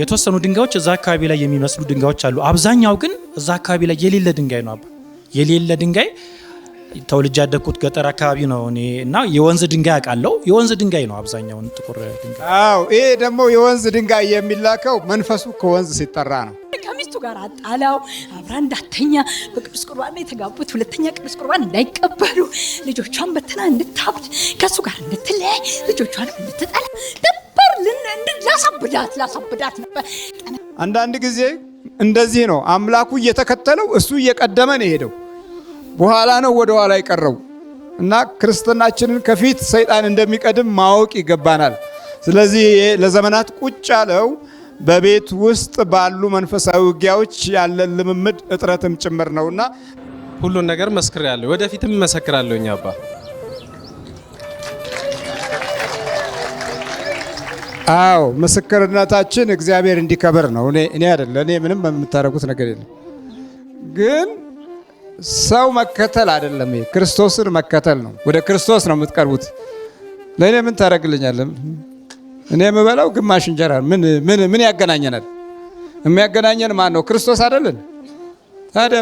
የተወሰኑ ድንጋዮች እዛ አካባቢ ላይ የሚመስሉ ድንጋዮች አሉ። አብዛኛው ግን እዛ አካባቢ ላይ የሌለ ድንጋይ ነው። አባ የሌለ ድንጋይ ተውልጅ ያደግኩት ገጠር አካባቢ ነው እኔ እና የወንዝ ድንጋይ አውቃለሁ። የወንዝ ድንጋይ ነው አብዛኛውን ጥቁር ድንጋይ። ይሄ ደግሞ የወንዝ ድንጋይ የሚላከው መንፈሱ ከወንዝ ሲጠራ ነው። ከሚስቱ ጋር አጣላው አብራ እንዳተኛ በቅዱስ ቁርባን ላይ የተጋቡት ሁለተኛ ቅዱስ ቁርባን እንዳይቀበሉ ልጆቿን በትና እንድታብድ ከእሱ ጋር እንድትለያይ ልጆቿን እንድትጠላ ላሳብዳት ላሳብዳት ነበር። አንዳንድ ጊዜ እንደዚህ ነው። አምላኩ እየተከተለው እሱ እየቀደመ ነው የሄደው፣ በኋላ ነው ወደ ኋላ የቀረው እና ክርስትናችንን ከፊት ሰይጣን እንደሚቀድም ማወቅ ይገባናል። ስለዚህ ለዘመናት ቁጭ ያለው በቤት ውስጥ ባሉ መንፈሳዊ ውጊያዎች ያለን ልምምድ እጥረትም ጭምር ነውና ሁሉን ነገር መስክሬያለሁ፣ ወደፊትም እመሰክራለሁኝ አባ አዎ ምስክርነታችን እግዚአብሔር እንዲከበር ነው። እኔ አይደለ እኔ ምንም የምታደርጉት ነገር የለም። ግን ሰው መከተል አይደለም፣ ክርስቶስን መከተል ነው። ወደ ክርስቶስ ነው የምትቀርቡት። ለእኔ ምን ታደርግልኛለህ? እኔ የምበላው ግማሽ እንጀራ ምን ያገናኘናል? የሚያገናኘን ማን ነው? ክርስቶስ አይደለን? ታዲያ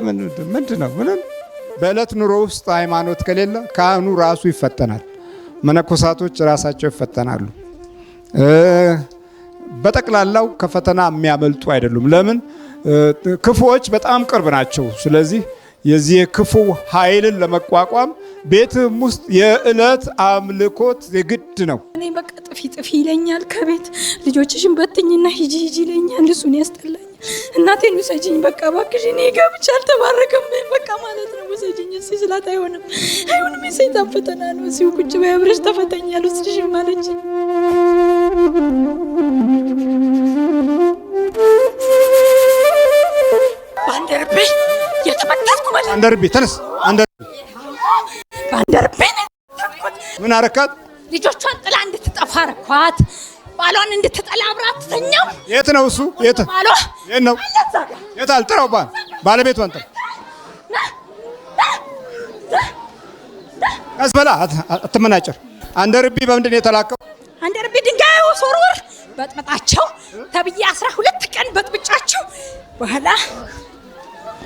ምንድን ነው? ምንም በእለት ኑሮ ውስጥ ሃይማኖት ከሌለ ካህኑ ራሱ ይፈተናል። መነኮሳቶች ራሳቸው ይፈተናሉ። በጠቅላላው ከፈተና የሚያመልጡ አይደሉም። ለምን? ክፉዎች በጣም ቅርብ ናቸው። ስለዚህ የዚህ ክፉ ኃይልን ለመቋቋም ቤትም ውስጥ የዕለት አምልኮት የግድ ነው። እኔ በቃ ጥፊ ጥፊ ይለኛል። ከቤት ልጆችሽን በትኝና ሂጂ ሂጂ ይለኛል። እሱን ያስጠላኝ እናቴን ውሰጅኝ፣ በቃ እባክሽ፣ እኔ ጋብቻ አልተባረከም፣ በቃ ማለት ነው። ውሰጅኝ እዚህ ስላት አይሆንም፣ አይሆንም፣ የሰይጣን ፈተና ነው። እዚሁ ቁጭ በይ አብረሽ ተፈተኝ አልወስድሽም አለች። ባንደርቤ የተመታትኩ ማለት አንደርቤ፣ ተነስ አንደርቤ፣ ባንደርቤ። ምን አረካት? ልጆቿን ጥላ እንድትጠፋ አረኳት። ባሏን እንድትጠላ አብራት ተኛው። የት ነው እሱ? የት ባሏ? የት ነው? የት አልጥራው ባል ባለቤቱ አንተ ቀስ በላ አትመናጭር። አንደ ርቢ በምንድን የተላከው? አንደርቢ ድንጋይ ወሶርወር በጥበጣቸው ተብዬ አስራ ሁለት ቀን በጥብጫቸው በኋላ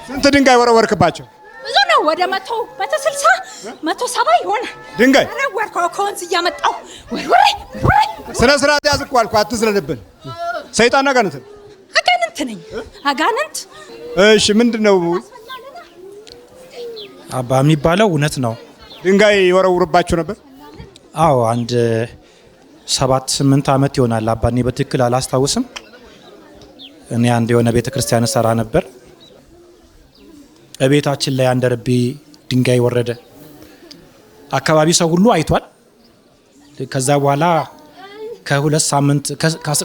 ስንት ድንጋይ ወረወርክባቸው? ብዙ ነው። ወደ መቶ መቶ ስልሳ መቶ ሰባ ይሆን ድንጋይ ወርከው ከወንዝ እያመጣው ስነ ስርዓት ያዝ እኮ አልኩህ። አትዝለልብን። ሰይጣን አጋንንት አጋንንት ነኝ አጋንንት። እሺ ምንድን ነው አባ የሚባለው? እውነት ነው። ድንጋይ ይወረውርባችሁ ነበር? አዎ አንድ ሰባት ስምንት ዓመት ይሆናል አባ፣ እኔ በትክክል አላስታውስም። እኔ አንድ የሆነ ቤተ ክርስቲያን ሰራ ነበር እቤታችን ላይ አንደርቤ ድንጋይ ወረደ። አካባቢ ሰው ሁሉ አይቷል። ከዛ በኋላ ከሁለት ሳምንት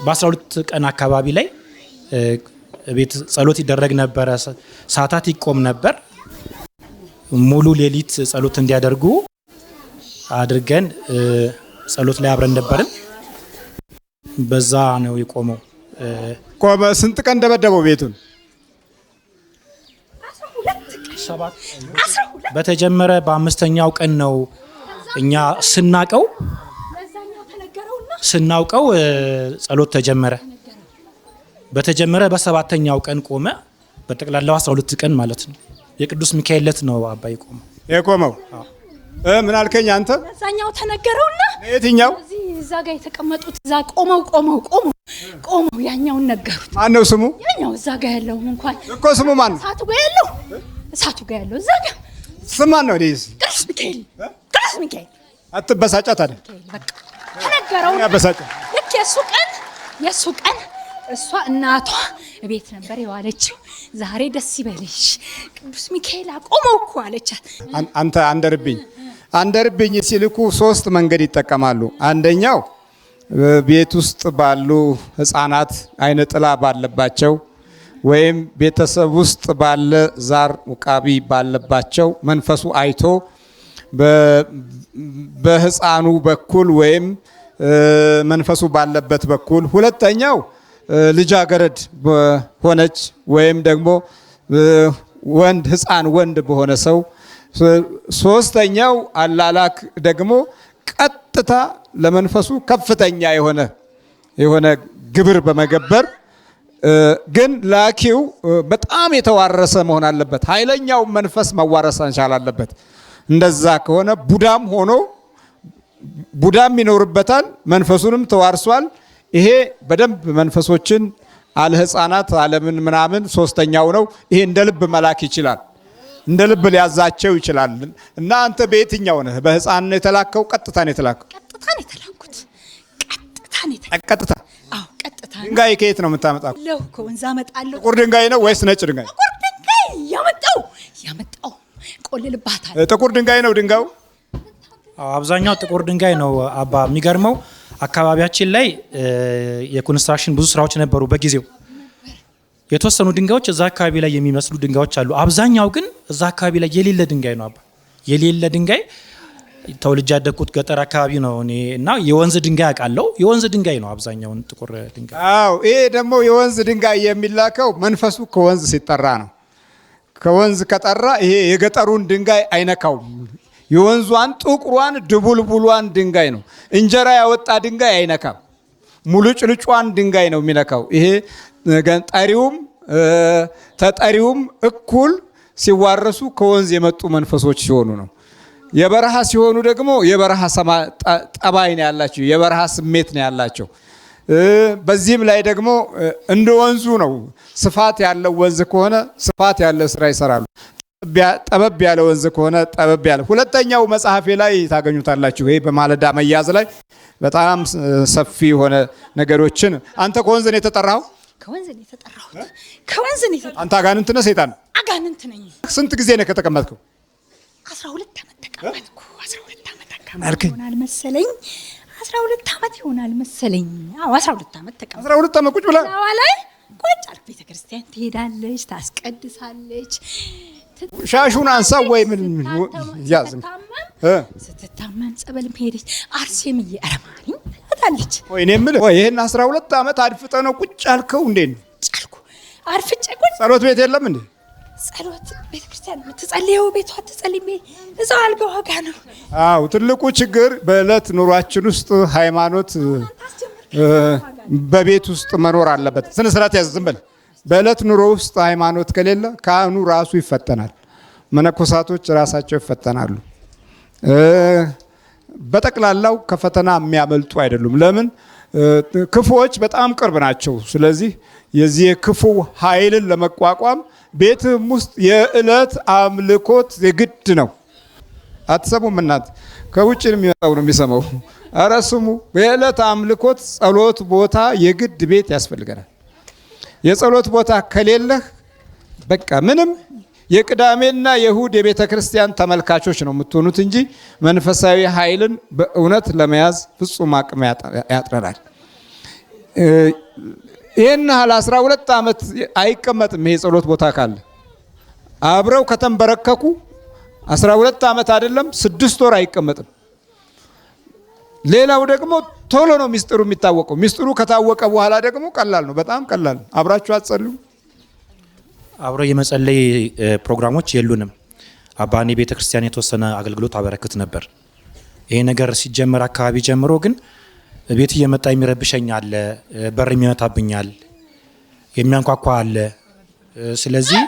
በ12 ቀን አካባቢ ላይ ቤት ጸሎት ይደረግ ነበረ። ሰዓታት ይቆም ነበር። ሙሉ ሌሊት ጸሎት እንዲያደርጉ አድርገን ጸሎት ላይ አብረን ነበርን። በዛ ነው የቆመው። ቆመ። ስንት ቀን ደበደበው ቤቱን? በተጀመረ በአምስተኛው ቀን ነው እኛ ስናቀው ስናውቀው ጸሎት ተጀመረ። በተጀመረ በሰባተኛው ቀን ቆመ። በጠቅላላው 12 ቀን ማለት ነው። የቅዱስ ሚካኤልለት ነው አባይ ቆመ የቆመው። ምን አልከኝ አንተ? በዛኛው ተነገረውና የትኛው እዛ ጋር የተቀመጡት እዛ ቆመው ቆመው ቆመው ቆመው ያኛውን ነገሩት። ማነው ስሙ? ያኛው እዛ ጋር ያለው እንኳን እኮ ስሙ ማን ነው? ያለው እሳቱ ጋር ያለው እዛ ጋር ስማን ነው ዲስ ቅዱስ ሚካኤል ቅዱስ ሚካኤል አትበሳጫ አትበሳጫት በቃ ተነገረው ያበሳጫ ልክ የሱ ቀን የሱ ቀን እሷ እናቷ ቤት ነበር የዋለችው። ዛሬ ደስ ይበልሽ ቅዱስ ሚካኤል አቆመው እኮ አለቻት። አንተ አንደርብኝ አንደርብኝ ሲልኩ ሶስት መንገድ ይጠቀማሉ። አንደኛው ቤት ውስጥ ባሉ ህፃናት አይነ ጥላ ባለባቸው ወይም ቤተሰብ ውስጥ ባለ ዛር ውቃቢ ባለባቸው መንፈሱ አይቶ በህፃኑ በኩል ወይም መንፈሱ ባለበት በኩል ሁለተኛው ልጃገረድ ሆነች ወይም ደግሞ ወንድ ህፃን ወንድ በሆነ ሰው ሶስተኛው አላላክ ደግሞ ቀጥታ ለመንፈሱ ከፍተኛ የሆነ የሆነ ግብር በመገበር ግን ላኪው በጣም የተዋረሰ መሆን አለበት። ኃይለኛው መንፈስ መዋረስ እንቻል አለበት። እንደዛ ከሆነ ቡዳም ሆኖ ቡዳም ይኖርበታል፣ መንፈሱንም ተዋርሷል። ይሄ በደንብ መንፈሶችን አለ ህፃናት አለምን ምናምን ሶስተኛው ነው። ይሄ እንደ ልብ መላክ ይችላል፣ እንደ ልብ ሊያዛቸው ይችላል። እና አንተ በየትኛው ነህ? በህፃን ነው የተላከው? ቀጥታ ነው የተላከው? ቀጥታ ነው የተላኩት። ቀጥታ ድንጋይ ከየት ነው የምታመጣው? ከወንዝ አመጣለሁ። ጥቁር ድንጋይ ነው ወይስ ነጭ ድንጋይ? ጥቁር ድንጋይ ያመጣው ያመጣው ቆልልባታል። ጥቁር ድንጋይ ነው ድንጋዩ። አብዛኛው ጥቁር ድንጋይ ነው አባ። የሚገርመው አካባቢያችን ላይ የኮንስትራክሽን ብዙ ስራዎች ነበሩ በጊዜው የተወሰኑ ድንጋዮች እዛ አካባቢ ላይ የሚመስሉ ድንጋዮች አሉ። አብዛኛው ግን እዛ አካባቢ ላይ የሌለ ድንጋይ ነው አባ የሌለ ድንጋይ ተወልጅ ያደግኩት ገጠር አካባቢ ነው እኔ እና የወንዝ ድንጋይ አውቃለሁ። የወንዝ ድንጋይ ነው አብዛኛውን ጥቁር ድንጋይ። አዎ፣ ይሄ ደግሞ የወንዝ ድንጋይ የሚላከው መንፈሱ ከወንዝ ሲጠራ ነው። ከወንዝ ከጠራ ይሄ የገጠሩን ድንጋይ አይነካውም። የወንዟን ጥቁሯን ድቡልቡሏን ድንጋይ ነው። እንጀራ ያወጣ ድንጋይ አይነካም። ጭልጯን ድንጋይ ነው የሚነካው። ይሄ ጠሪውም ተጠሪውም እኩል ሲዋረሱ ከወንዝ የመጡ መንፈሶች ሲሆኑ ነው። የበረሃ ሲሆኑ ደግሞ የበረሃ ጠባይ ነው ያላቸው፣ የበረሃ ስሜት ነው ያላቸው። በዚህም ላይ ደግሞ እንደ ወንዙ ነው። ስፋት ያለው ወንዝ ከሆነ ስፋት ያለው ስራ ይሰራሉ። ጠበብ ያለ ወንዝ ከሆነ ጠበብ ያለ። ሁለተኛው መጽሐፌ ላይ ታገኙታላችሁ። ይሄ በማለዳ መያዝ ላይ በጣም ሰፊ የሆነ ነገሮችን አንተ ከወንዝ ነው የተጠራኸው። አንተ አጋንንት ነህ፣ ነኝ። ስንት ጊዜ ነው ከተቀመጥከው? ዓመት ተቀመጥኩ። አስራ ሁለት ዓመት አካባቢ ይሆናል መሰለኝ። አስራ ሁለት ዓመት ይሆናል መሰለኝ። አዎ አስራ ሁለት ዓመት ተቀመጥኩ። አስራ ሁለት ዓመት ቁጭ ብላ ላይ ቁጭ አልኩ። ቤተ ክርስቲያን ትሄዳለች፣ ታስቀድሳለች። ሻሹን አንሳ ወይ ምን ጸበል ሄደች። ወይ እኔ የምልህ ወይ አስራ ሁለት ዓመት ነው ቁጭ አልከው? እንዴ አርፍጬ ቁጭ ጸሎት ቤት የለም እንዴ ጸሎት ቤተክርስቲያን የምትጸልየው ቤቷ ትጸልይ እዛው አልጋዋ ጋ ነው። አዎ ትልቁ ችግር በእለት ኑሯችን ውስጥ ሃይማኖት በቤት ውስጥ መኖር አለበት። ስነ ስርዓት ያዝ። ዝም በል። በዕለት ኑሮ ውስጥ ሃይማኖት ከሌለ ካህኑ ራሱ ይፈተናል። መነኮሳቶች ራሳቸው ይፈተናሉ። በጠቅላላው ከፈተና የሚያመልጡ አይደሉም። ለምን? ክፉዎች በጣም ቅርብ ናቸው። ስለዚህ የዚህ የክፉ ኃይልን ለመቋቋም ቤትም ውስጥ የዕለት አምልኮት የግድ ነው። አትሰሙም? እናት ከውጭ የሚመጣው ነው የሚሰማው። ኧረ ስሙ። የዕለት አምልኮት ጸሎት ቦታ የግድ ቤት ያስፈልገናል። የጸሎት ቦታ ከሌለህ በቃ ምንም የቅዳሜና የእሁድ የቤተ ክርስቲያን ተመልካቾች ነው የምትሆኑት እንጂ መንፈሳዊ ኃይልን በእውነት ለመያዝ ፍጹም አቅም ያጥረናል። ይህን ያህል አስራ ሁለት ዓመት አይቀመጥም። ይሄ ጸሎት ቦታ ካለ አብረው ከተንበረከኩ አስራ ሁለት ዓመት አይደለም ስድስት ወር አይቀመጥም። ሌላው ደግሞ ቶሎ ነው ሚስጥሩ የሚታወቀው። ሚስጥሩ ከታወቀ በኋላ ደግሞ ቀላል ነው፣ በጣም ቀላል አብራችሁ አትጸልዩ። አብሮ የመጸለይ ፕሮግራሞች የሉንም። አባኔ ቤተ ክርስቲያን የተወሰነ አገልግሎት አበረክት ነበር። ይሄ ነገር ሲጀመር አካባቢ ጀምሮ ግን ቤት እየመጣ የሚረብሸኝ አለ፣ በር የሚመታብኛል፣ የሚያንኳኳ አለ። ስለዚህ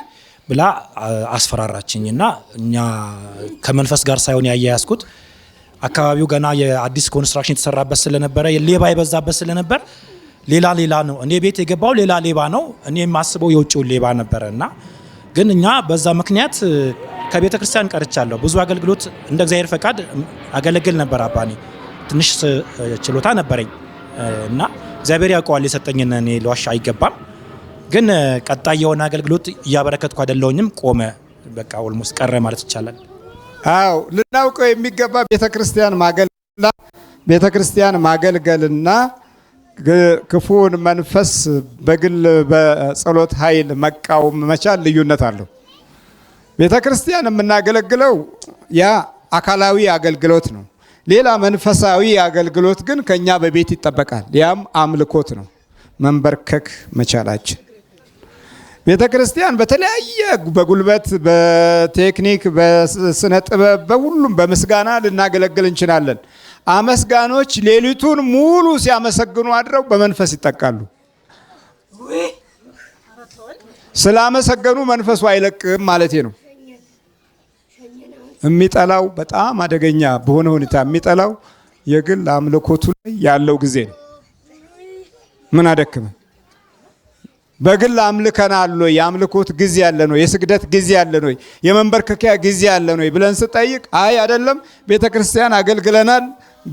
ብላ አስፈራራችኝ እና እኛ ከመንፈስ ጋር ሳይሆን ያያያዝኩት አካባቢው ገና የአዲስ ኮንስትራክሽን የተሰራበት ስለነበረ ሌባ የበዛበት ስለነበር ሌላ ሌላ ነው። እኔ ቤት የገባው ሌላ ሌባ ነው። እኔ የማስበው የውጭው ሌባ ነበረ እና ግን እኛ በዛ ምክንያት ከቤተ ክርስቲያን ቀርቻለሁ። ብዙ አገልግሎት እንደ እግዚአብሔር ፈቃድ አገለግል ነበር አባኔ ትንሽ ችሎታ ነበረኝ እና እግዚአብሔር ያውቀዋል የሰጠኝን እኔ ለዋሻ አይገባም። ግን ቀጣይ የሆነ አገልግሎት እያበረከትኩ አይደለሁኝም። ቆመ፣ በቃ ኦልሞስት ቀረ ማለት ይቻላል። አዎ ልናውቀው የሚገባ ቤተክርስቲያን ማገልገልና ቤተክርስቲያን ማገልገልና ክፉን መንፈስ በግል በጸሎት ኃይል መቃወም መቻል ልዩነት አለው። ቤተክርስቲያን የምናገለግለው ያ አካላዊ አገልግሎት ነው። ሌላ መንፈሳዊ አገልግሎት ግን ከኛ በቤት ይጠበቃል። ያም አምልኮት ነው፣ መንበርከክ መቻላችን። ቤተ ክርስቲያን በተለያየ በጉልበት፣ በቴክኒክ፣ በስነ ጥበብ፣ በሁሉም በምስጋና ልናገለግል እንችላለን። አመስጋኖች ሌሊቱን ሙሉ ሲያመሰግኑ አድረው በመንፈስ ይጠቃሉ። ስላመሰገኑ መንፈሱ አይለቅም ማለት ነው። የሚጠላው በጣም አደገኛ በሆነ ሁኔታ የሚጠላው የግል አምልኮቱ ላይ ያለው ጊዜ ነው። ምን አደክመ በግል አምልከናል ወይ? የአምልኮት ጊዜ ያለን ወይ? የስግደት ጊዜ ያለን ወይ? የመንበርከኪያ ጊዜ ያለን ወይ ብለን ስጠይቅ አይ አይደለም፣ ቤተ ክርስቲያን አገልግለናል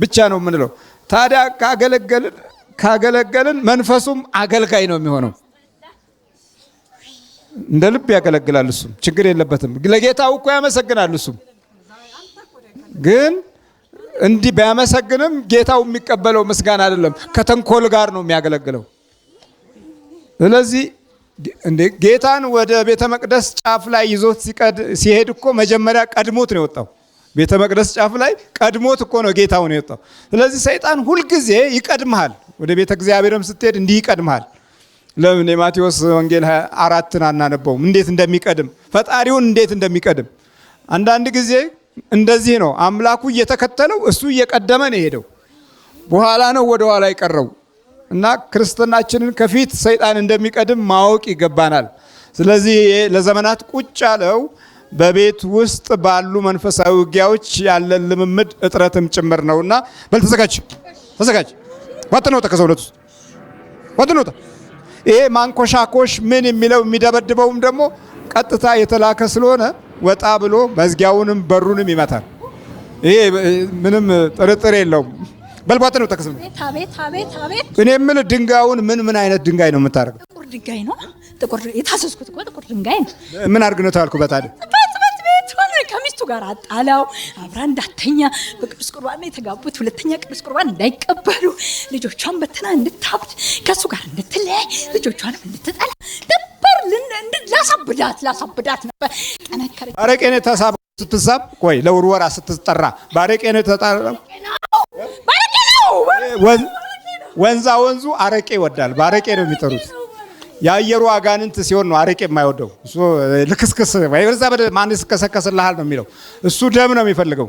ብቻ ነው የምንለው። ታዲያ ካገለገልን ካገለገልን መንፈሱም አገልጋይ ነው የሚሆነው። እንደ ልብ ያገለግላል። እሱም ችግር የለበትም። ለጌታው እኮ ያመሰግናል እሱም ግን እንዲህ ቢያመሰግንም ጌታው የሚቀበለው ምስጋና አይደለም፣ ከተንኮል ጋር ነው የሚያገለግለው። ስለዚህ ጌታን ወደ ቤተ መቅደስ ጫፍ ላይ ይዞት ሲሄድ እኮ መጀመሪያ ቀድሞት ነው የወጣው። ቤተ መቅደስ ጫፍ ላይ ቀድሞት እኮ ነው ጌታው ነው የወጣው። ስለዚህ ሰይጣን ሁልጊዜ ይቀድመሃል። ወደ ቤተ እግዚአብሔርም ስትሄድ እንዲህ ይቀድመሃል። ለምን የማቴዎስ ወንጌል አራትን አናነበውም? እንዴት እንደሚቀድም ፈጣሪውን እንዴት እንደሚቀድም አንዳንድ ጊዜ እንደዚህ ነው አምላኩ እየተከተለው እሱ እየቀደመ ነው የሄደው። በኋላ ነው ወደ ኋላ የቀረው እና ክርስትናችንን ከፊት ሰይጣን እንደሚቀድም ማወቅ ይገባናል። ስለዚህ ለዘመናት ቁጭ ያለው በቤት ውስጥ ባሉ መንፈሳዊ ውጊያዎች ያለን ልምምድ እጥረትም ጭምር እና በል ተዘጋጅ፣ ተዘጋጅ። ዋጥነውታ ከሰውነት ውስጥ ነው ይሄ ማንኮሻኮሽ ምን የሚለው የሚደበድበውም ደግሞ ቀጥታ የተላከ ስለሆነ ወጣ ብሎ መዝጊያውንም በሩንም ይመታል። ይሄ ምንም ጥርጥር የለውም። በልባት ነው ተከስም እኔ ምን ድንጋዩን ምን ምን አይነት ድንጋይ ነው የምታደርገው? ጥቁር ድንጋይ ነው። ጥቁር የታሰስኩት ጥቁር ድንጋይ ነው። ምን አድርግ ነው ታልኩ ከሚስቱ ጋር አጣላው፣ አብራ እንዳተኛ በቅዱስ ቁርባን የተጋቡት ሁለተኛ ቅዱስ ቁርባን እንዳይቀበሉ ልጆቿን በትና እንድታብድ ከእሱ ጋር እንድትለያይ ልጆቿንም እንድትጠላ ነበር። ላሳብዳት ላሳብዳት ነበር። ጠነከረ። ባረቄኔ ተሳብ ስትሳብ ቆይ ለውርወራ ስትጠራ ባረቄኔ ተጣራ ወንዛ ወንዙ አረቄ ይወዳል። ባረቄ ነው የሚጠሩት። የአየሩ አጋንንት ሲሆን ነው አረቄ የማይወደው እሱ ልክስክስ ወይ በዛ ማን ይስከሰከስልሃል ነው የሚለው። እሱ ደም ነው የሚፈልገው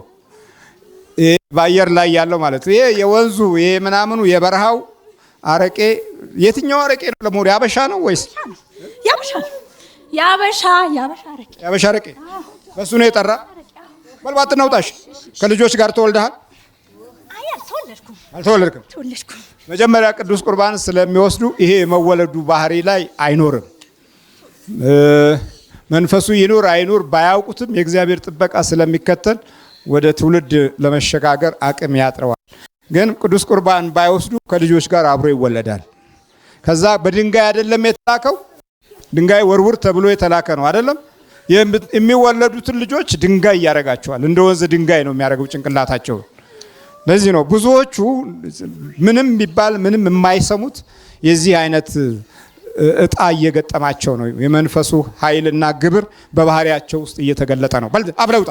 በአየር ላይ ያለው ማለት ይሄ የወንዙ ይሄ ምናምኑ የበረሃው አረቄ የትኛው አረቄ ነው ለመሆኑ? ያበሻ ነው ወይስ ያበሻ ያበሻ ያበሻ አረቄ ያበሻ አረቄ በሱ ነው የጠራ። በልባት ነውጣሽ ከልጆች ጋር ተወልደሃል። አልተወለድክም። መጀመሪያ ቅዱስ ቁርባን ስለሚወስዱ ይሄ የመወለዱ ባህሪ ላይ አይኖርም። መንፈሱ ይኑር አይኑር ባያውቁትም የእግዚአብሔር ጥበቃ ስለሚከተል ወደ ትውልድ ለመሸጋገር አቅም ያጥረዋል። ግን ቅዱስ ቁርባን ባይወስዱ ከልጆች ጋር አብሮ ይወለዳል። ከዛ በድንጋይ አይደለም የተላከው፣ ድንጋይ ወርውር ተብሎ የተላከ ነው አይደለም። የሚወለዱትን ልጆች ድንጋይ ያደርጋቸዋል። እንደ ወንዝ ድንጋይ ነው የሚያደርገው ጭንቅላታቸው። ለዚህ ነው ብዙዎቹ ምንም ቢባል ምንም የማይሰሙት የዚህ አይነት እጣ እየገጠማቸው ነው። የመንፈሱ ኃይልና ግብር በባህሪያቸው ውስጥ እየተገለጠ ነው። በል አብረውጣ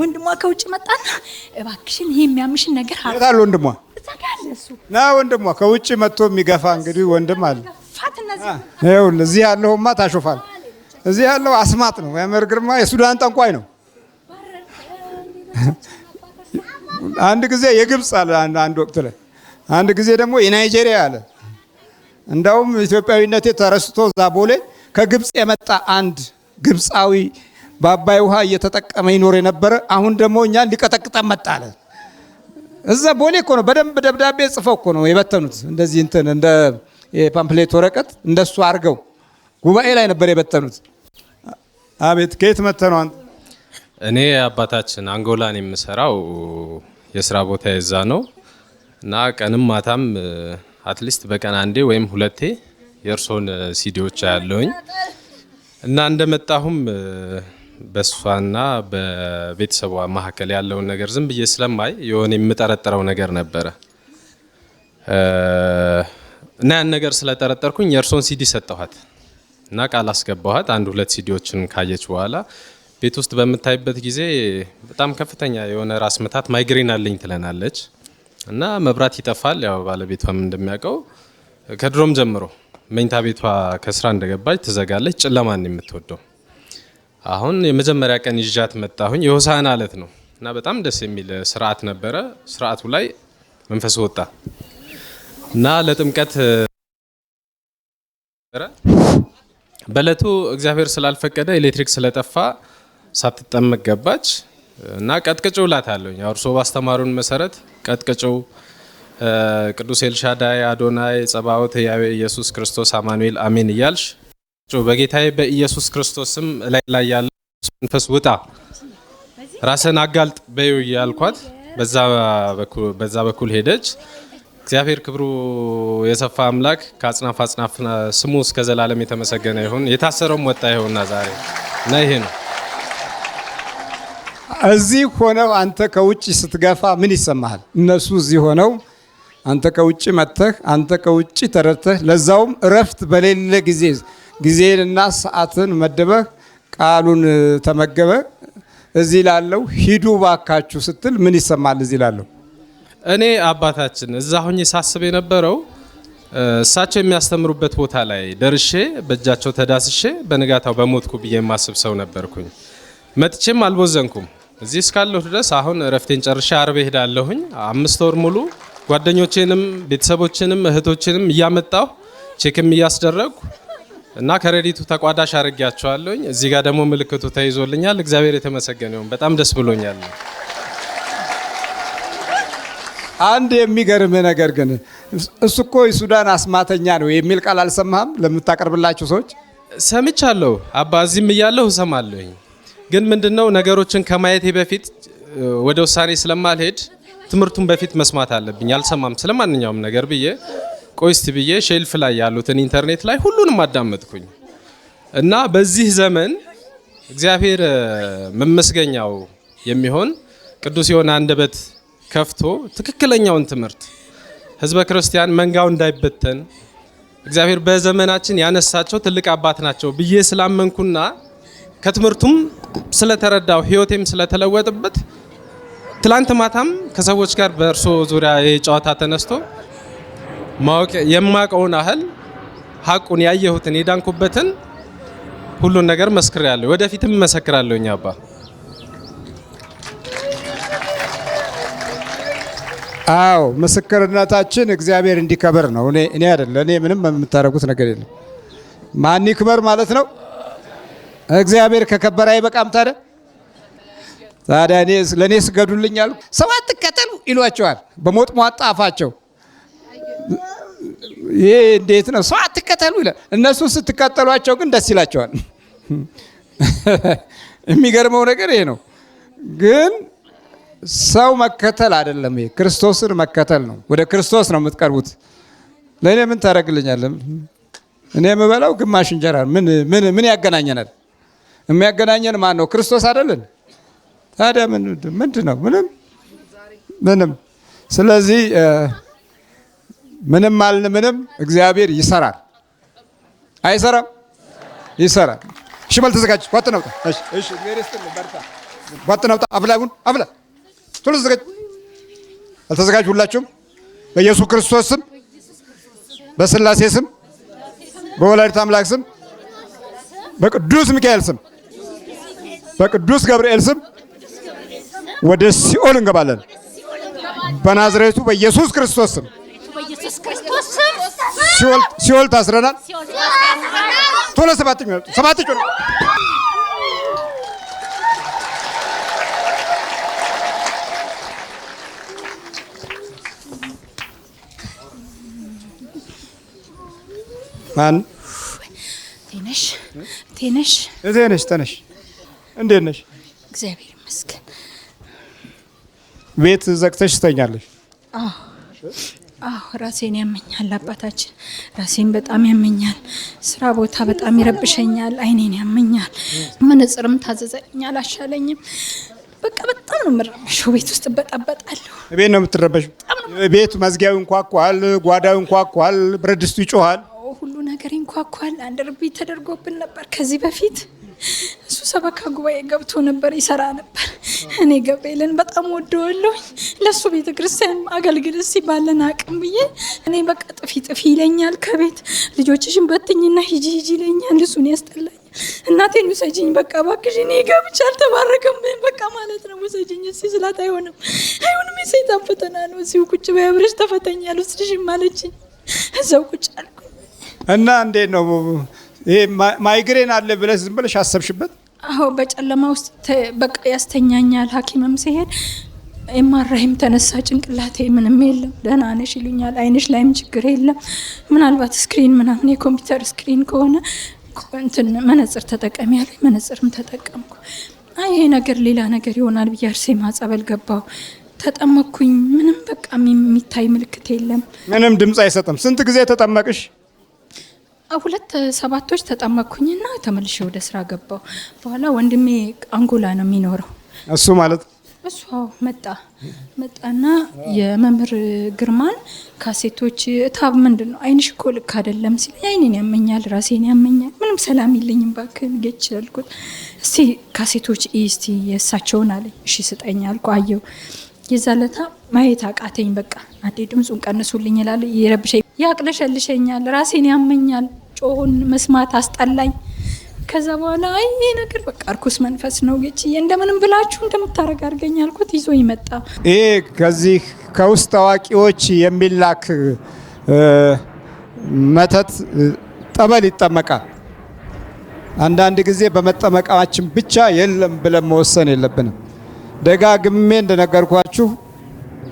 ወንድሟ ከውጭ መጣና እባክሽን ይሄ የሚያምሽን ነገር አለ። ወንድሟ ና ወንድሟ ከውጭ መጥቶ የሚገፋ እንግዲህ ወንድም አለ። እዚህ ያለሁማ ታሾፋል። እዚህ ያለው አስማት ነው። ያመር ግርማ የሱዳን ጠንቋይ ነው። አንድ ጊዜ የግብፅ አለ አንድ ወቅት ላይ፣ አንድ ጊዜ ደግሞ የናይጄሪያ አለ። እንዳውም ኢትዮጵያዊነቴ ተረስቶ እዛ ቦሌ ከግብፅ የመጣ አንድ ግብፃዊ በአባይ ውሃ እየተጠቀመ ይኖር የነበረ አሁን ደግሞ እኛን ሊቀጠቅጠን መጣ አለ። እዛ ቦሌ እኮ ነው በደንብ ደብዳቤ ጽፈው እኮ ነው የበተኑት። እንደዚህ እንትን እንደ የፓምፕሌት ወረቀት እንደሱ አድርገው ጉባኤ ላይ ነበር የበተኑት። አቤት ከየት መተነው አንተ? እኔ አባታችን አንጎላን የምሰራው የስራ ቦታ የዛ ነው እና ቀንም ማታም አትሊስት በቀን አንዴ ወይም ሁለቴ የእርሶን ሲዲዎች ያለውኝ እና እንደመጣሁም በእሷና በቤተሰቧ መካከል ያለውን ነገር ዝም ብዬ ስለማይ የሆነ የምጠረጠረው ነገር ነበረ እና ያን ነገር ስለጠረጠርኩኝ የእርሶን ሲዲ ሰጠኋት እና ቃል አስገባኋት። አንድ ሁለት ሲዲዎችን ካየች በኋላ ቤት ውስጥ በምታይበት ጊዜ በጣም ከፍተኛ የሆነ ራስ ምታት ማይግሬን አለኝ ትለናለች እና መብራት ይጠፋል። ያው ባለቤቷም እንደሚያውቀው ከድሮም ጀምሮ መኝታ ቤቷ ከስራ እንደገባች ትዘጋለች። ጨለማን የምትወደው አሁን የመጀመሪያ ቀን ይዣት መጣሁኝ። የሆሳዕና ዕለት ነው እና በጣም ደስ የሚል ስርዓት ነበረ። ስርዓቱ ላይ መንፈስ ወጣ እና ለጥምቀት በእለቱ እግዚአብሔር ስላልፈቀደ ኤሌክትሪክ ስለጠፋ ሳትጠመቅ ገባች እና ቀጥቅጭው ላታለሁ። አርሶ ባስተማሩን መሰረት ቀጥቅጭው ቅዱስ ኤልሻዳይ አዶናይ ጸባዖት ሕያዌ ኢየሱስ ክርስቶስ አማኑኤል አሜን እያልሽ በጌታዬ በኢየሱስ ክርስቶስም ላይ ላይ ያለ መንፈስ ውጣ፣ ራስን አጋልጥ በዩ እያልኳት በዛ በኩል ሄደች። እግዚአብሔር ክብሩ የሰፋ አምላክ ከአጽናፍ አጽናፍ ስሙ እስከ ዘላለም የተመሰገነ ይሁን። የታሰረውም ወጣ ይሁንና ዛሬ እና ይሄ ነው እዚህ ሆነው አንተ ከውጭ ስትገፋ ምን ይሰማሃል? እነሱ እዚህ ሆነው አንተ ከውጭ መጥተህ አንተ ከውጭ ተረድተህ ለዛውም እረፍት በሌለ ጊዜ ጊዜንና ሰዓትን መደበህ ቃሉን ተመገበ። እዚህ ላለው ሂዱ ባካችሁ ስትል ምን ይሰማል? እዚህ ላለው እኔ አባታችን እዛ ሁኜ ሳስብ የነበረው እሳቸው የሚያስተምሩበት ቦታ ላይ ደርሼ በእጃቸው ተዳስሼ በንጋታው በሞትኩ ብዬ የማስብ ሰው ነበርኩኝ። መጥቼም አልቦዘንኩም። እዚህ እስካለሁ ድረስ አሁን እረፍቴን ጨርሼ አርብ እሄዳለሁኝ። አምስት ወር ሙሉ ጓደኞቼንም ቤተሰቦችንም እህቶችንም እያመጣሁ ቼክም እያስደረግኩ እና ከረዲቱ ተቋዳሽ አድርጊያቸዋለሁኝ። እዚህ ጋር ደግሞ ምልክቱ ተይዞልኛል። እግዚአብሔር የተመሰገነውን በጣም ደስ ብሎኛል። አንድ የሚገርም ነገር ግን እሱ እኮ የሱዳን አስማተኛ ነው የሚል ቃል አልሰማህም? ለምታቀርብላችሁ ሰዎች ሰምቻለሁ። አባ እዚህም እያለሁ እሰማለሁኝ ግን ምንድነው ነገሮችን ከማየቴ በፊት ወደ ውሳኔ ስለማልሄድ ትምህርቱን በፊት መስማት አለብኝ። አልሰማም ስለማንኛውም ነገር ብዬ ቆይስት ብዬ ሼልፍ ላይ ያሉትን ኢንተርኔት ላይ ሁሉንም አዳመጥኩኝ እና በዚህ ዘመን እግዚአብሔር መመስገኛው የሚሆን ቅዱስ የሆነ አንደበት ከፍቶ ትክክለኛውን ትምህርት ህዝበ ክርስቲያን መንጋው እንዳይበተን እግዚአብሔር በዘመናችን ያነሳቸው ትልቅ አባት ናቸው ብዬ ስላመንኩና ከትምህርቱም ስለተረዳው ህይወቴም ስለተለወጥበት ትላንት ማታም ከሰዎች ጋር በእርሶ ዙሪያ ጨዋታ ተነስቶ ማወቅ የማውቀውን ያህል ሀቁን ያየሁትን የዳንኩበትን ሁሉን ነገር መስክሬያለሁ። ወደፊትም መሰክራለሁ። እኛ አባ አዎ፣ ምስክርነታችን እግዚአብሔር እንዲከበር ነው። እኔ እኔ አይደለ እኔ ምንም የምታደርጉት ነገር የለም። ማን ይክበር ማለት ነው። እግዚአብሔር ከከበረ አይበቃም። ታዲያ ታዲያ ለእኔ ስገዱልኝ አሉ። ትከተሉ ይሏቸዋል በሞጥ ሟጣ አፋቸው። ይህ እንዴት ነው? ሰባት ትከተሉ ይላል። እነሱ ስትከተሏቸው ግን ደስ ይላቸዋል። የሚገርመው ነገር ይሄ ነው። ግን ሰው መከተል አይደለም፣ ይሄ ክርስቶስን መከተል ነው። ወደ ክርስቶስ ነው የምትቀርቡት። ለእኔ ምን ታደርግልኛለህ? እኔ የምበላው ግማሽ እንጀራ ምን ያገናኘናል? የሚያገናኘን ማን ነው? ክርስቶስ አይደለን? ታዲያ ምንድን ነው? ምንም ምንም። ስለዚህ ምንም አልን ምንም፣ እግዚአብሔር ይሰራል። አይሰራም? ይሰራል። ሽመል ተዘጋጅ። ቆጥ ነውጣ። እሺ እሺ፣ ቧጥ ነውጣ። አፍላቡን አፍላ ቶሎ ተዘጋጅ። አልተዘጋጅ ሁላችሁም በኢየሱስ ክርስቶስ ስም በስላሴ ስም በወላዲተ አምላክ ስም በቅዱስ ሚካኤል ስም በቅዱስ ገብርኤል ስም ወደ ሲኦል እንገባለን። በናዝሬቱ በኢየሱስ ክርስቶስ ስም ሲኦል ታስረናል። ቶሎ ሰባት ሰባት ነው። ማን ቴነሽ ቴነሽ ቴነሽ እንዴት ነሽ? እግዚአብሔር ይመስገን። ቤት ዘግተሽ ትተኛለሽ? አዎ፣ ራሴን ያመኛል። አባታችን ራሴን በጣም ያመኛል። ስራ ቦታ በጣም ይረብሸኛል። አይኔን ያመኛል። መነጽርም ታዘዘኛል፣ አሻለኝም። በቃ በጣም ነው የምረበሸው። ቤት ውስጥ እበጣበጣለሁ። ቤት ነው የምትረበሸው? ቤት መዝጊያው እንኳኳል፣ ጓዳው እንኳኳል፣ ብረት ድስቱ ይጮሃል፣ ሁሉ ነገር ይንኳኳል። አንድ ርቢ ተደርጎብን ነበር ከዚህ በፊት እሱ ሰበካ ጉባኤ ገብቶ ነበር፣ ይሰራ ነበር። እኔ ገብርኤልን በጣም ወደዋለሁኝ። ለእሱ ቤተ ክርስቲያን አገልግል ሲ ባለን አቅም ብዬ እኔ በቃ ጥፊ ጥፊ ይለኛል። ከቤት ልጆችሽን በትኝና ሂጂ ሂጂ ይለኛል። እሱን ያስጠላኛል። እናቴን ውሰጅኝ በቃ እባክሽ፣ እኔ ገብቼ አልተባረከም በቃ ማለት ነው። ውሰጅኝ እስኪ ስላት አይሆንም፣ አይሆንም፣ የሰይጣን ፈተና ነው። እዚሁ ቁጭ በይ አብረሽ ተፈተኛል ውስድሽም አለችኝ። እዛው ቁጭ አልኩ እና እንዴት ነው ማይግሬን አለ ብለ ዝም ብለሽ አሰብሽበት? አዎ፣ በጨለማ ውስጥ በቃ ያስተኛኛል። ሐኪምም ሲሄድ ኤምአርአይም ተነሳ ጭንቅላቴ ምንም የለም ደህና ነሽ ይሉኛል። አይንሽ ላይም ችግር የለም። ምናልባት ስክሪን ምናምን የኮምፒውተር ስክሪን ከሆነ እንትን መነጽር ተጠቀሚ ያለ መነጽርም ተጠቀምኩ። ይሄ ነገር ሌላ ነገር ይሆናል ብዬ አርሴማ ጸበል ገባው ተጠመኩኝ። ምንም በቃ የሚታይ ምልክት የለም። ምንም ድምፅ አይሰጥም። ስንት ጊዜ ተጠመቅሽ? ሁለት ሰባቶች ተጠመቅኩኝና ተመልሼ ወደ ስራ ገባው። በኋላ ወንድሜ አንጎላ ነው የሚኖረው። እሱ ማለት እሱ መጣ መጣና የመምህር ግርማን ካሴቶች እታብ ምንድን ነው አይንሽ እኮ ልክ አይደለም ሲለኝ አይኔን ያመኛል፣ ራሴን ያመኛል፣ ምንም ሰላም የለኝም እባክህ ጌች አልኩት። እስቲ ካሴቶች እስቲ የእሳቸውን አለኝ። እሺ ስጠኝ አልኩ። አየው የዛለታ ማየት አቃተኝ። በቃ አንዴ ድምፁን ቀንሱልኝ ይላል፣ ይረብሸኝ፣ ያቅለሸልሸኛል፣ ራሴን ያመኛል ጮሁን መስማት አስጠላኝ። ከዛ በኋላ አይ ይሄ ነገር በቃ እርኩስ መንፈስ ነው ግጭ እንደምንም ብላችሁ እንደምታረግ አድርገኝ አልኩት። ይዞ ይመጣ ይሄ ከዚህ ከውስጥ አዋቂዎች የሚላክ መተት ጠበል ይጠመቃል። አንዳንድ ጊዜ በመጠመቃችን ብቻ የለም ብለን መወሰን የለብንም። ደጋግሜ እንደነገርኳችሁ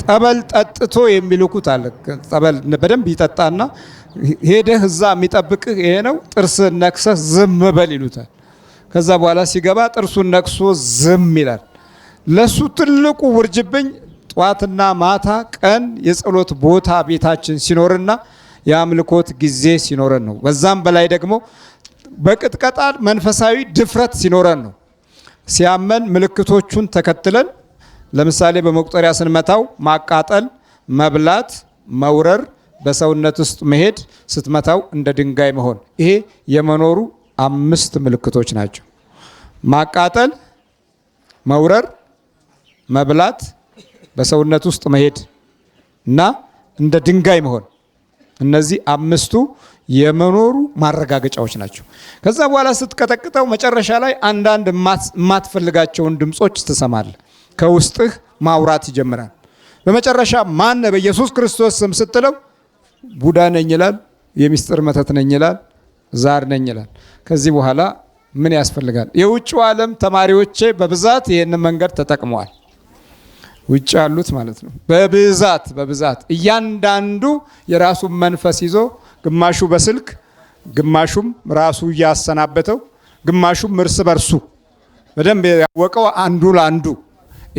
ጠበል ጠጥቶ የሚልኩት አለ። ጠበል በደንብ ይጠጣና ሄደህ እዛ የሚጠብቅህ ይሄ ነው፣ ጥርስህን ነክሰህ ዝም በል ይሉታል። ከዛ በኋላ ሲገባ ጥርሱን ነክሶ ዝም ይላል። ለሱ ትልቁ ውርጅብኝ ጠዋትና ማታ ቀን የጸሎት ቦታ ቤታችን ሲኖርና የአምልኮት ጊዜ ሲኖረን ነው። በዛም በላይ ደግሞ በቅጥቀጣ መንፈሳዊ ድፍረት ሲኖረን ነው። ሲያመን ምልክቶቹን ተከትለን ለምሳሌ በመቁጠሪያ ስንመታው ማቃጠል፣ መብላት፣ መውረር በሰውነት ውስጥ መሄድ፣ ስትመታው እንደ ድንጋይ መሆን፣ ይሄ የመኖሩ አምስት ምልክቶች ናቸው። ማቃጠል፣ መውረር፣ መብላት፣ በሰውነት ውስጥ መሄድ እና እንደ ድንጋይ መሆን እነዚህ አምስቱ የመኖሩ ማረጋገጫዎች ናቸው። ከዛ በኋላ ስትቀጠቅጠው መጨረሻ ላይ አንዳንድ የማትፈልጋቸውን ድምፆች ትሰማለህ። ከውስጥህ ማውራት ይጀምራል። በመጨረሻ ማነ በኢየሱስ ክርስቶስ ስም ስትለው ቡዳ ነኝ ይላል፣ የሚስጥር መተት ነኝ ይላል፣ ዛር ነኝ ይላል። ከዚህ በኋላ ምን ያስፈልጋል? የውጭው ዓለም ተማሪዎቼ በብዛት ይህንን መንገድ ተጠቅመዋል። ውጭ ያሉት ማለት ነው። በብዛት በብዛት እያንዳንዱ የራሱን መንፈስ ይዞ ግማሹ በስልክ ግማሹም ራሱ እያሰናበተው ግማሹም እርስ በርሱ በደንብ ያወቀው አንዱ ለአንዱ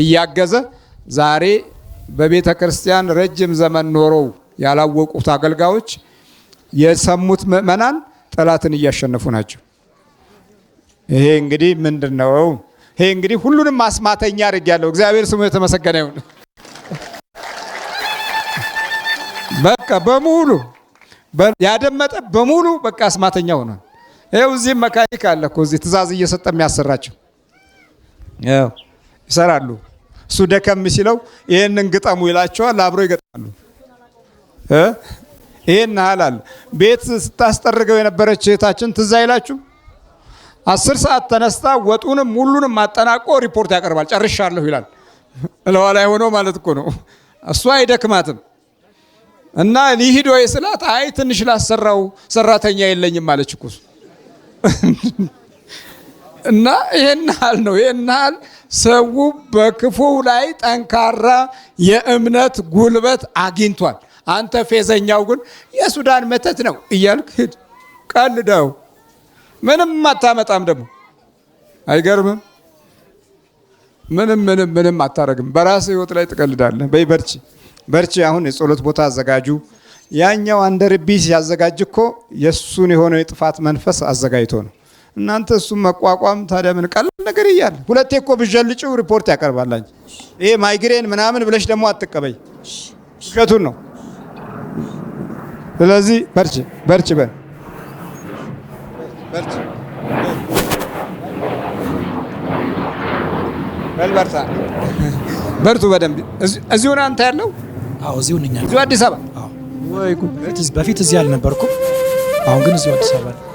እያገዘ ዛሬ በቤተ ክርስቲያን ረጅም ዘመን ኖረው ያላወቁት አገልጋዮች፣ የሰሙት ምእመናን ጠላትን እያሸነፉ ናቸው። ይሄ እንግዲህ ምንድን ነው? ይሄ እንግዲህ ሁሉንም አስማተኛ አድርግ ያለው እግዚአብሔር ስሙ የተመሰገነ ይሁን። በቃ በሙሉ ያደመጠ በሙሉ በቃ አስማተኛ ሆኗል። ይኸው እዚህም መካኒክ አለ እኮ እዚህ ትእዛዝ እየሰጠ የሚያሰራቸው ይሰራሉ። እሱ ደከም ሲለው ይህንን ግጠሙ ይላቸዋል፣ አብረው ይገጥማሉ። ይሄን አላል ቤት ስታስጠርገው የነበረች እህታችን ትዝ አይላችሁ? አስር ሰዓት ተነስታ ወጡንም ሁሉንም ማጠናቆ ሪፖርት ያቀርባል። ጨርሻለሁ ይላል። ለኋላ የሆነ ማለት እኮ ነው። እሷ አይደክማትም እና ሊሂድ ወይ ስላት አይ ትንሽ ላሰራው ሰራተኛ የለኝም ማለች እኮ እና ይሄን ያህል ነው። ይሄን ያህል ሰው በክፉ ላይ ጠንካራ የእምነት ጉልበት አግኝቷል። አንተ ፌዘኛው ግን የሱዳን መተት ነው እያልክ ሂድ። ቀልደው ምንም አታመጣም። ደግሞ አይገርምም? ምንም ምንም ምንም አታረግም። በራስህ ህይወት ላይ ትቀልዳለህ። በይ በርቺ፣ በርቺ። አሁን የጸሎት ቦታ አዘጋጁ። ያኛው አንደርቢ ሲያዘጋጅ እኮ የእሱን የሆነው የጥፋት መንፈስ አዘጋጅቶ ነው። እናንተ እሱ መቋቋም ታዲያ ምን ቀላል ነገር እያለ ሁለቴ እኮ ብዣልጭው ሪፖርት ያቀርባላኝ። ይሄ ማይግሬን ምናምን ብለሽ ደግሞ አትቀበይ። ውሸቱን ነው። ስለዚህ በርች በርች በ በልበርታ በርቱ በደንብ እዚሁ ነው አንተ ያለው? አዎ እዚሁ ነኝ። እዚሁ አዲስ አበባ? አዎ። ወይ በፊት እዚህ አልነበርኩም። አሁን ግን እዚሁ አዲስ አበባ